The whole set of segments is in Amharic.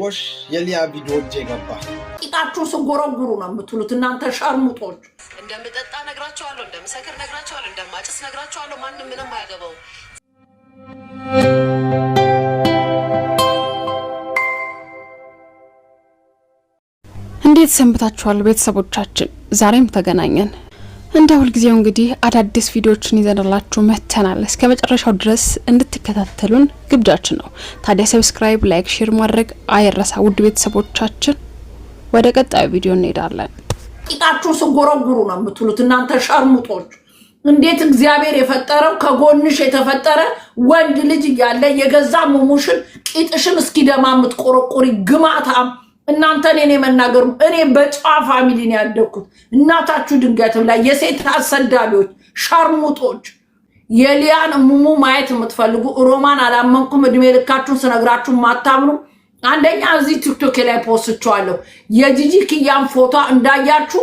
ጎሽ ቪዲዮ ዶጅ ገባ ቂጣችሁን ስጎረጉሩ ነው የምትሉት እናንተ ሸርሙጦች። እንደምጠጣ ነግራቸዋለሁ፣ እንደምሰክር ነግራቸዋለሁ፣ እንደማጭስ ነግራቸዋለሁ። ማንም ምንም አያገባው። እንዴት ሰንብታችኋል ቤተሰቦቻችን? ዛሬም ተገናኘን። እንደ ሁልጊዜው እንግዲህ አዳዲስ ቪዲዮዎችን ይዘንላችሁ መጥተናል። እስከ መጨረሻው ድረስ እንድትከታተሉን ግብዣችን ነው። ታዲያ ሰብስክራይብ፣ ላይክ፣ ሼር ማድረግ አይረሳ። ውድ ቤተሰቦቻችን ወደ ቀጣዩ ቪዲዮ እንሄዳለን። ቂጣችሁ ስጎረጉሩ ነው የምትሉት እናንተ ሸርሙጦች። እንዴት እግዚአብሔር የፈጠረው ከጎንሽ የተፈጠረ ወንድ ልጅ እያለ የገዛ ሙሙሽን ቂጥሽን እስኪደማ የምትቆረቆሪ ግማታም እናንተ እኔ የመናገሩ እኔ በጨዋ ፋሚሊን ያደግኩት እናታችሁ ድንጋይ ላይ የሴት አሰዳቢዎች፣ ሸርሙጦች የሊያን ሙሙ ማየት የምትፈልጉ ሮማን አላመንኩም፣ እድሜ ልካችሁን ስነግራችሁ ማታምኑ። አንደኛ እዚህ ቲክቶኬ ላይ ፖስቸዋለሁ። የጂጂ ክያን ፎቶ እንዳያችሁ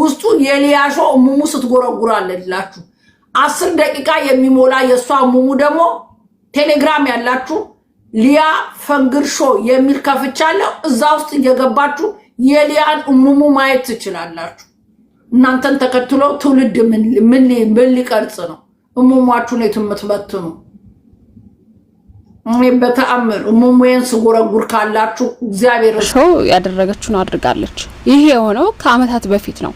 ውስጡ የሊያሾ ሙሙ ስትጎረጉራለላችሁ። አስር ደቂቃ የሚሞላ የእሷ ሙሙ ደግሞ ቴሌግራም ያላችሁ ሊያ ፈንግርሾ የሚል ከፍቻለሁ። እዛ ውስጥ እየገባችሁ የሊያን እሙሙ ማየት ትችላላችሁ። እናንተን ተከትሎ ትውልድ ምን ሊቀርጽ ነው? እሙሟችሁን የት የምትበትኑ? በተአምር እሙሙዬን ስጎረጉር ካላችሁ እግዚአብሔር ሾው ያደረገችውን አድርጋለች። ይሄ የሆነው ከአመታት በፊት ነው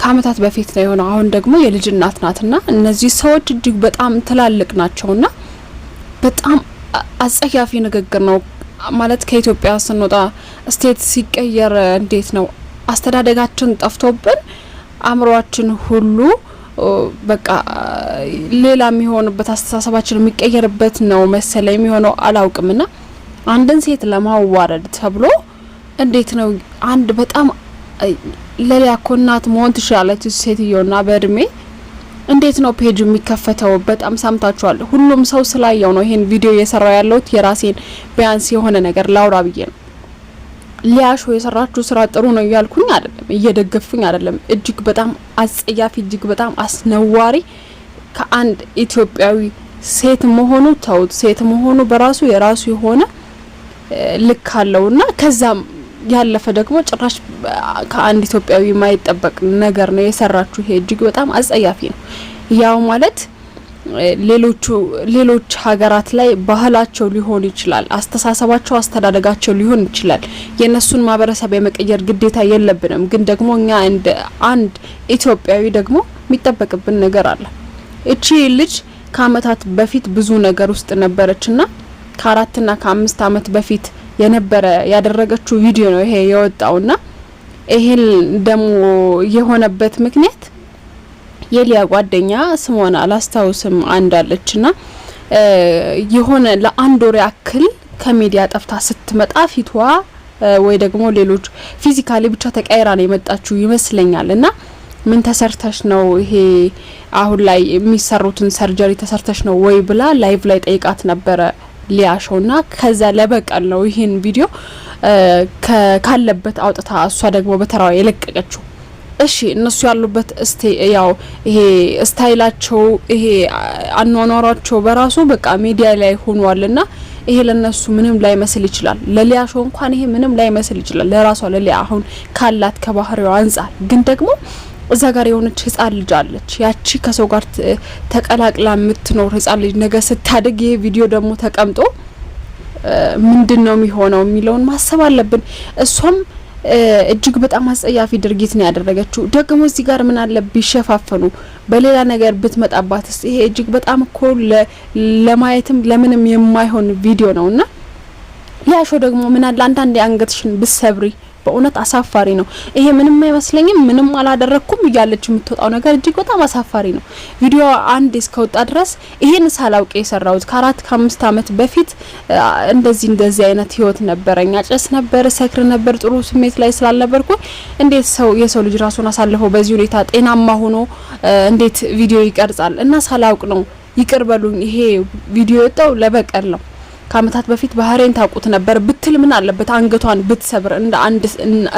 ከአመታት በፊት ነው የሆነው። አሁን ደግሞ የልጅ እናት ናትና እነዚህ ሰዎች እጅግ በጣም ትላልቅ ናቸውና በጣም አጸያፊ ንግግር ነው ማለት ከኢትዮጵያ ስንወጣ ስቴት ሲቀየር እንዴት ነው አስተዳደጋችን ጠፍቶብን አእምሯችን ሁሉ በቃ ሌላ የሚሆንበት አስተሳሰባችን የሚቀየርበት ነው መሰለ የሚሆነው አላውቅም። ና አንድን ሴት ለማዋረድ ተብሎ እንዴት ነው አንድ በጣም ለሊያ እኮ እናት መሆን ትችላለች ሴትዮና በእድሜ እንዴት ነው ፔጅ የሚከፈተው? በጣም ሰምታችኋል። ሁሉም ሰው ስላየው ነው ይሄን ቪዲዮ እየሰራው ያለሁት። የራሴን ቢያንስ የሆነ ነገር ላውራ ብዬ ነው። ሊያሾ የሰራችሁ ስራ ጥሩ ነው እያልኩኝ አይደለም፣ እየደገፍኩኝ አይደለም። እጅግ በጣም አጸያፊ፣ እጅግ በጣም አስነዋሪ ከአንድ ኢትዮጵያዊ ሴት መሆኑ ተውት። ሴት መሆኑ በራሱ የራሱ የሆነ ልክ አለውና ከዛም ያለፈ ደግሞ ጭራሽ ከአንድ ኢትዮጵያዊ የማይጠበቅ ነገር ነው የሰራችሁ። ይሄ እጅግ በጣም አጸያፊ ነው። ያው ማለት ሌሎቹ ሌሎች ሀገራት ላይ ባህላቸው ሊሆን ይችላል፣ አስተሳሰባቸው፣ አስተዳደጋቸው ሊሆን ይችላል። የእነሱን ማህበረሰብ የመቀየር ግዴታ የለብንም። ግን ደግሞ እኛ እንደ አንድ ኢትዮጵያዊ ደግሞ የሚጠበቅብን ነገር አለ። እቺ ልጅ ከአመታት በፊት ብዙ ነገር ውስጥ ነበረች እና ከአራትና ከአምስት አመት በፊት የነበረ ያደረገችው ቪዲዮ ነው ይሄ የወጣውና ይሄን ደግሞ የሆነበት ምክንያት የሊያ ጓደኛ ስሟን አላስታውስም አንዳለችና የሆነ ለአንድ ወር ያክል ከሚዲያ ጠፍታ ስትመጣ ፊቷ ወይ ደግሞ ሌሎች ፊዚካሊ ብቻ ተቀይራ ነው የመጣችው ይመስለኛል እና ምን ተሰርተሽ ነው ይሄ አሁን ላይ የሚሰሩትን ሰርጀሪ ተሰርተሽ ነው ወይ ብላ ላይቭ ላይ ጠይቃት ነበረ ሊያሾው ና ከዛ ለበቀል ነው ይህን ቪዲዮ ካለበት አውጥታ እሷ ደግሞ በተራዋ የለቀቀችው። እሺ እነሱ ያሉበት እስቴ ያው ይሄ እስታይላቸው ይሄ አኗኗሯቸው በራሱ በቃ ሚዲያ ላይ ሆኗል ና ይሄ ለነሱ ምንም ላይመስል ይችላል። ለሊያሾ እንኳን ይሄ ምንም ላይመስል ይችላል። ለራሷ ለሊያ አሁን ካላት ከባህሪው አንጻር ግን ደግሞ እዛ ጋር የሆነች ህጻን ልጅ አለች። ያቺ ከሰው ጋር ተቀላቅላ የምትኖር ህጻን ልጅ ነገ ስታደግ ይሄ ቪዲዮ ደግሞ ተቀምጦ ምንድን ነው የሚሆነው የሚለውን ማሰብ አለብን። እሷም እጅግ በጣም አስጸያፊ ድርጊት ነው ያደረገችው። ደግሞ እዚህ ጋር ምን አለ ቢሸፋፈኑ፣ በሌላ ነገር ብትመጣባትስ? ይሄ እጅግ በጣም እኮ ለማየትም ለምንም የማይሆን ቪዲዮ ነው እና ያሾ ደግሞ ምን አለ አንዳንዴ አንገትሽን ብሰብሪ በእውነት አሳፋሪ ነው። ይሄ ምንም አይመስለኝም፣ ምንም አላደረግኩም እያለች የምትወጣው ነገር እጅግ በጣም አሳፋሪ ነው። ቪዲዮ አንድ እስከወጣ ድረስ ይሄን ሳላውቅ የሰራሁት ከአራት ከአምስት ዓመት በፊት እንደዚህ እንደዚህ አይነት ህይወት ነበረኝ፣ አጨስ ነበር፣ ሰክር ነበር፣ ጥሩ ስሜት ላይ ስላልነበርኩ እንዴት ሰው የሰው ልጅ ራሱን አሳልፎ በዚህ ሁኔታ ጤናማ ሆኖ እንዴት ቪዲዮ ይቀርጻል? እና ሳላውቅ ነው ይቅር በሉኝ። ይሄ ቪዲዮ የወጣው ለበቀል ነው። ከአመታት በፊት ባህሬን ታውቁት ነበር ብትል ምን አለበት? አንገቷን ብትሰብር እንደ አንድ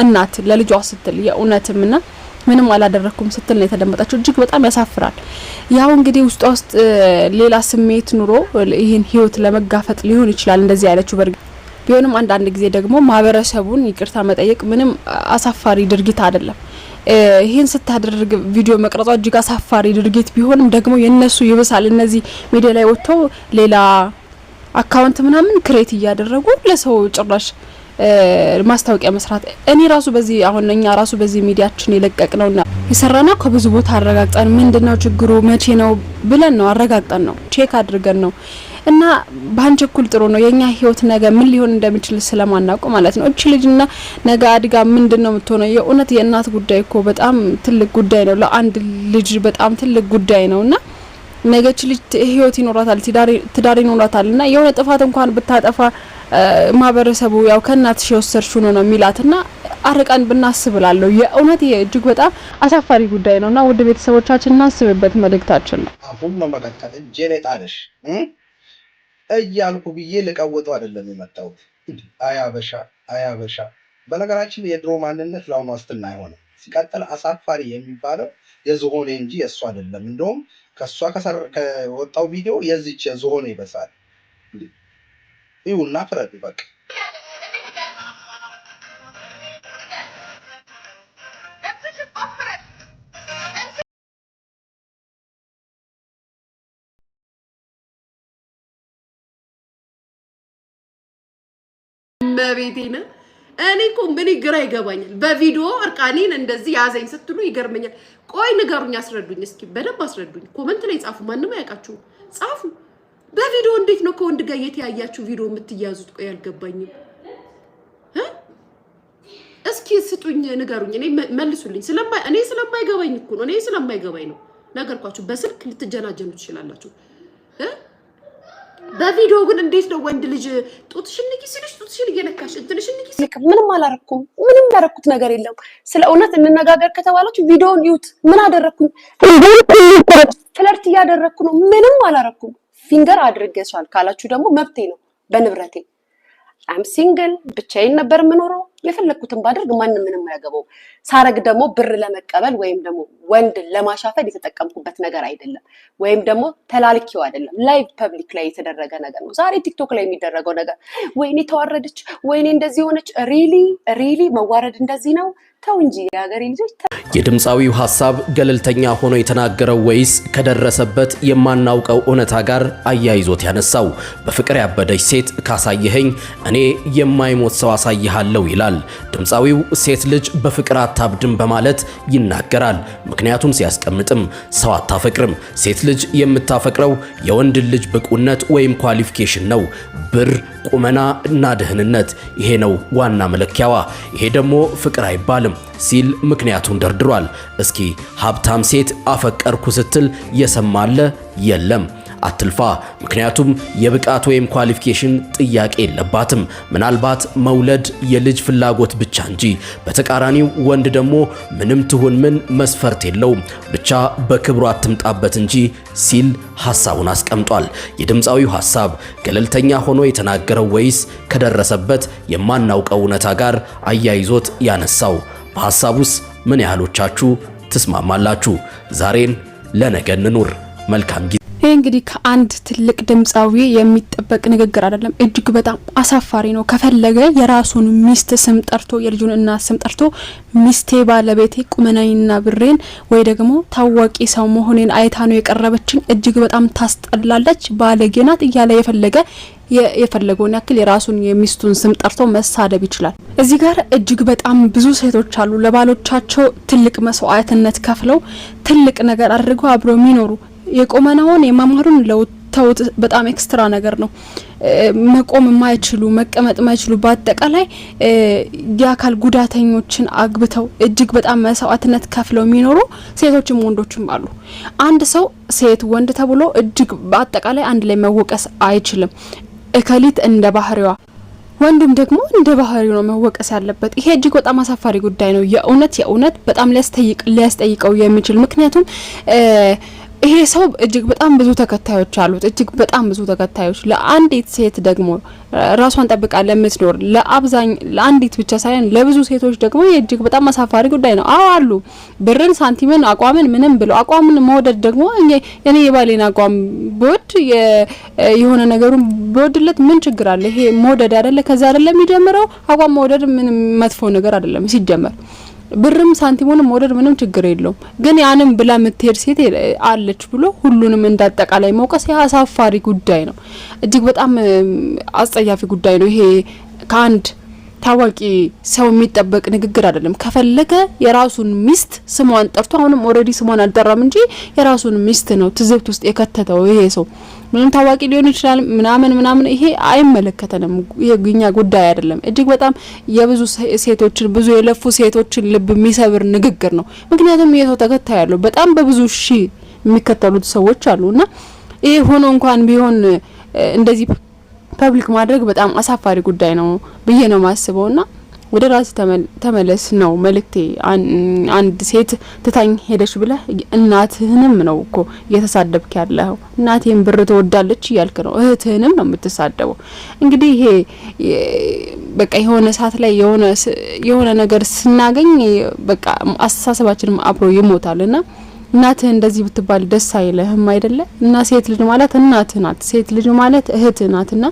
እናት ለልጇ ስትል የእውነትም ና ምንም አላደረግኩም ስትል ነው የተደመጠችው። እጅግ በጣም ያሳፍራል። ያው እንግዲህ ውስጧ ውስጥ ሌላ ስሜት ኑሮ ይህን ህይወት ለመጋፈጥ ሊሆን ይችላል እንደዚህ ያለችው። በርግ ቢሆንም አንዳንድ ጊዜ ደግሞ ማህበረሰቡን ይቅርታ መጠየቅ ምንም አሳፋሪ ድርጊት አይደለም። ይህን ስታደርግ ቪዲዮ መቅረጿ እጅግ አሳፋሪ ድርጊት ቢሆንም ደግሞ የነሱ ይብሳል። እነዚህ ሚዲያ ላይ ወጥተው ሌላ አካውንት ምናምን ክሬት እያደረጉ ለሰው ጭራሽ ማስታወቂያ መስራት እኔ ራሱ በዚህ አሁን እኛ ራሱ በዚህ ሚዲያችን የለቀቅ የለቀቅነውና የሰራነው ከብዙ ቦታ አረጋግጠን ምንድነው ችግሩ መቼ ነው ብለን ነው አረጋግጠን ነው ቼክ አድርገን ነው እና እኩል ጥሩ ነው። የኛ ህይወት ነገ ምን ሊሆን እንደሚችል ስለማናውቅ ማለት ነው። እቺ ልጅና ነገ አድጋ ምንድን ነው የምትሆነው? የእውነት የእናት ጉዳይ እኮ በጣም ትልቅ ጉዳይ ነው። ለአንድ ልጅ በጣም ትልቅ ጉዳይ ነው እና ነገች ልጅ ህይወት ይኖራታል፣ ትዳር ይኖራታል እና የሆነ ጥፋት እንኳን ብታጠፋ ማህበረሰቡ ያው ከእናትሽ የወሰድሽው ነው ነው የሚላትና አርቀን ብናስብ ላለሁ የእውነት እጅግ በጣም አሳፋሪ ጉዳይ ነው እና ውድ ቤተሰቦቻችን እናስብበት መልእክታችን ነው። አሁን መመለከት እጄን ጣልሽ እያልኩ ብዬ ልቀውጡ አይደለም የመጣሁት። አያበሻ አያበሻ። በነገራችን የድሮ ማንነት ለአሁኑ ዋስትና አይሆንም። ሲቀጥል አሳፋሪ የሚባለው የዝሆኔ እንጂ የእሱ አይደለም። እንደውም ከእሷ ከወጣው ቪዲዮ የዚች የዝሆኑ ይበሳል። ይሁና ፍረዱ በቃ። በቤቴ ነው እኔ እኮ ምን ግራ ይገባኛል። በቪዲዮ እርቃኔን እንደዚህ ያዘኝ ስትሉ ይገርመኛል። ቆይ ንገሩኝ፣ አስረዱኝ፣ እስኪ በደንብ አስረዱኝ። ኮመንት ላይ ጻፉ፣ ማንም አያውቃችሁ ጻፉ። በቪዲዮ እንዴት ነው ከወንድ ጋር የተያያችሁ ቪዲዮ የምትያዙት? ቆይ አልገባኝም። እስኪ ስጡኝ፣ ንገሩኝ፣ እኔ መልሱልኝ። እኔ ስለማይገባኝ እኮ ነው፣ እኔ ስለማይገባኝ ነው ነገርኳችሁ። በስልክ ልትጀናጀኑ ትችላላችሁ። በቪዲዮ ግን እንዴት ነው ወንድ ልጅ ጡትሽን ንኪ ሲልሽ ጡትሽን እየነካሽ እንትንሽን ንኪ ሲልሽ፣ ምንም አላረኩም። ምንም ያረኩት ነገር የለም። ስለ እውነት እንነጋገር ከተባላችሁ ቪዲዮውን ይዩት። ምን አደረግኩኝ? ፍለርት እያደረግኩ ነው። ምንም አላረኩም። ፊንገር አድርገሻል ካላችሁ ደግሞ መብቴ ነው በንብረቴ አም ሲንግል ብቻዬን ነበር የምኖረው። የፈለግኩትን ባደርግ ማንም ምንም አያገባው። ሳረግ ደግሞ ብር ለመቀበል ወይም ደግሞ ወንድ ለማሻፈል የተጠቀምኩበት ነገር አይደለም፣ ወይም ደግሞ ተላልኪው አይደለም። ላይቭ ፐብሊክ ላይ የተደረገ ነገር ነው። ዛሬ ቲክቶክ ላይ የሚደረገው ነገር ወይኔ ተዋረደች፣ ወይኔ እንደዚህ ሆነች። ሪሊ ሪሊ መዋረድ እንደዚህ ነው? ተው እንጂ የሀገሬ ልጆች የድምፃዊው ሐሳብ ገለልተኛ ሆኖ የተናገረው ወይስ ከደረሰበት የማናውቀው እውነታ ጋር አያይዞት ያነሳው? በፍቅር ያበደች ሴት ካሳየኸኝ እኔ የማይሞት ሰው አሳይሃለሁ ይላል። ድምፃዊው ሴት ልጅ በፍቅር አታብድም በማለት ይናገራል። ምክንያቱም ሲያስቀምጥም ሰው አታፈቅርም። ሴት ልጅ የምታፈቅረው የወንድን ልጅ ብቁነት ወይም ኳሊፊኬሽን ነው። ብር፣ ቁመና እና ደህንነት፣ ይሄ ነው ዋና መለኪያዋ። ይሄ ደግሞ ፍቅር አይባልም። ሲል ምክንያቱን ደርድሯል። እስኪ ሀብታም ሴት አፈቀርኩ ስትል የሰማለ የለም። አትልፋ። ምክንያቱም የብቃት ወይም ኳሊፊኬሽን ጥያቄ የለባትም። ምናልባት መውለድ የልጅ ፍላጎት ብቻ እንጂ፣ በተቃራኒው ወንድ ደግሞ ምንም ትሁን ምን መስፈርት የለውም፣ ብቻ በክብሩ አትምጣበት እንጂ ሲል ሐሳቡን አስቀምጧል። የድምፃዊው ሐሳብ ገለልተኛ ሆኖ የተናገረው ወይስ ከደረሰበት የማናውቀው እውነታ ጋር አያይዞት ያነሳው? በሐሳብ ውስጥ ምን ያህሎቻችሁ ትስማማላችሁ? ዛሬን ለነገ እንኑር። መልካም ጊዜ ይህ እንግዲህ ከአንድ ትልቅ ድምፃዊ የሚጠበቅ ንግግር አይደለም። እጅግ በጣም አሳፋሪ ነው። ከፈለገ የራሱን ሚስት ስም ጠርቶ የልጁን እናት ስም ጠርቶ ሚስቴ ባለቤቴ ቁመናይና ብሬን ወይ ደግሞ ታዋቂ ሰው መሆኔን አይታ ነው የቀረበችኝ፣ እጅግ በጣም ታስጠላለች፣ ባለጌ ናት እያለ የፈለገ የፈለገውን ያክል የራሱን የሚስቱን ስም ጠርቶ መሳደብ ይችላል። እዚህ ጋር እጅግ በጣም ብዙ ሴቶች አሉ ለባሎቻቸው ትልቅ መስዋዕትነት ከፍለው ትልቅ ነገር አድርገው አብረው የሚኖሩ የቆመን አሁን የመማሩን ለውተውት በጣም ኤክስትራ ነገር ነው። መቆም የማይችሉ መቀመጥ የማይችሉ በአጠቃላይ የአካል ጉዳተኞችን አግብተው እጅግ በጣም መስዋዕትነት ከፍለው የሚኖሩ ሴቶችም ወንዶችም አሉ። አንድ ሰው ሴት ወንድ ተብሎ እጅግ በአጠቃላይ አንድ ላይ መወቀስ አይችልም። እከሊት እንደ ባህሪዋ ወንዱም ደግሞ እንደ ባህሪው ነው መወቀስ ያለበት። ይሄ እጅግ በጣም አሳፋሪ ጉዳይ ነው። የእውነት የእውነት በጣም ሊያስጠይቀው የሚችል ምክንያቱም ይሄ ሰው እጅግ በጣም ብዙ ተከታዮች አሉት። እጅግ በጣም ብዙ ተከታዮች ለአንዲት ሴት ደግሞ ራሷን ጠብቃ ለምትኖር ለአብዛኝ ለአንዲት ብቻ ሳይሆን ለብዙ ሴቶች ደግሞ እጅግ በጣም አሳፋሪ ጉዳይ ነው። አዎ አሉ ብርን፣ ሳንቲምን፣ አቋምን ምንም ብለው አቋምን መውደድ ደግሞ እኔ የባሌን አቋም ብወድ የሆነ ነገሩን ብወድለት ምን ችግር አለ? ይሄ መውደድ አይደለ? ከዛ አይደለም የሚጀምረው። አቋም መውደድ ምንም መጥፎ ነገር አይደለም ሲጀመር ብርም ሳንቲሙንም መውደድ ምንም ችግር የለውም። ግን ያንም ብላ የምትሄድ ሴት አለች ብሎ ሁሉንም እንዳጠቃላይ መውቀስ አሳፋሪ ጉዳይ ነው። እጅግ በጣም አስጸያፊ ጉዳይ ነው። ይሄ ከአንድ ታዋቂ ሰው የሚጠበቅ ንግግር አይደለም። ከፈለገ የራሱን ሚስት ስሟን ጠርቶ አሁንም ኦልሬዲ ስሟን አልጠራም እንጂ የራሱን ሚስት ነው ትዝብት ውስጥ የከተተው ይሄ ሰው ምንም ታዋቂ ሊሆን ይችላል ምናምን ምናምን፣ ይሄ አይመለከተንም። የኛ ጉዳይ አይደለም። እጅግ በጣም የብዙ ሴቶችን ብዙ የለፉ ሴቶችን ልብ የሚሰብር ንግግር ነው። ምክንያቱም የሰው ተከታይ ያለው በጣም በብዙ ሺ የሚከተሉት ሰዎች አሉ እና ይሄ ሆኖ እንኳን ቢሆን እንደዚህ ፐብሊክ ማድረግ በጣም አሳፋሪ ጉዳይ ነው ብዬ ነው የማስበው ና ወደ ራስ ተመለስ ነው መልእክቴ። አንድ ሴት ትታኝ ሄደች ብለህ እናትህንም ነው እኮ እየተሳደብክ ያለኸው። እናቴን ብር ትወዳለች እያልክ ነው፣ እህትህንም ነው የምትሳደበው። እንግዲህ ይሄ በቃ የሆነ ሰዓት ላይ የሆነ ነገር ስናገኝ በቃ አስተሳሰባችንም አብሮ ይሞታል እናት እናትህ እንደዚህ ብትባል ደስ አይለህም አይደለ? እና ሴት ልጅ ማለት እናትህ ናት። ሴት ልጅ ማለት እህትህ ናትና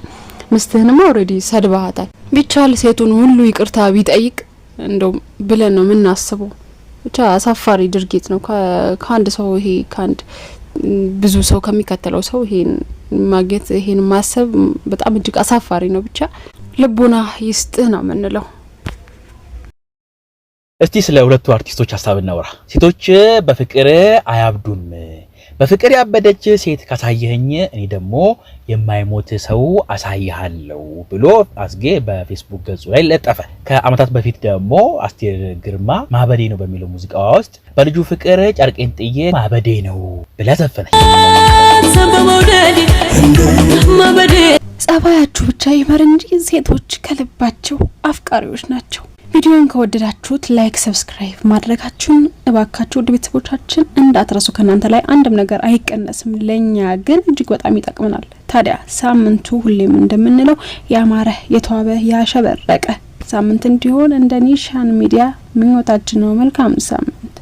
ምስትህንማ ኦልሬዲ ሰድባሃታል። ቢቻል ሴቱን ሁሉ ይቅርታ ቢጠይቅ እንደው ብለን ነው የምናስበው። ብቻ አሳፋሪ ድርጊት ነው ከአንድ ሰው ይሄ ከአንድ ብዙ ሰው ከሚከተለው ሰው ይሄን ማግኘት ይሄን ማሰብ በጣም እጅግ አሳፋሪ ነው። ብቻ ልቡና ይስጥህ ነው የምንለው። እስቲ ስለ ሁለቱ አርቲስቶች ሀሳብ እናውራ። ሴቶች በፍቅር አያብዱም በፍቅር ያበደች ሴት ካሳየኸኝ እኔ ደግሞ የማይሞት ሰው አሳይሃለሁ ብሎ አስጌ በፌስቡክ ገጹ ላይ ለጠፈ። ከዓመታት በፊት ደግሞ አስቴር ግርማ ማበዴ ነው በሚለው ሙዚቃዋ ውስጥ በልጁ ፍቅር ጨርቄን ጥዬ ማበዴ ነው ብላ ዘፈነች። ጸባያችሁ ብቻ ይመር እንጂ ሴቶች ከልባቸው አፍቃሪዎች ናቸው። ቪዲዮውን ከወደዳችሁት ላይክ፣ ሰብስክራይብ ማድረጋችሁን እባካችሁ ውድ ቤተሰቦቻችን እንዳትረሱ። ከእናንተ ላይ አንድም ነገር አይቀነስም፣ ለእኛ ግን እጅግ በጣም ይጠቅመናል። ታዲያ ሳምንቱ ሁሌም እንደምንለው ያማረ፣ የተዋበ፣ ያሸበረቀ ሳምንት እንዲሆን እንደ ኒሻን ሚዲያ ምኞታችን ነው። መልካም ሳምንት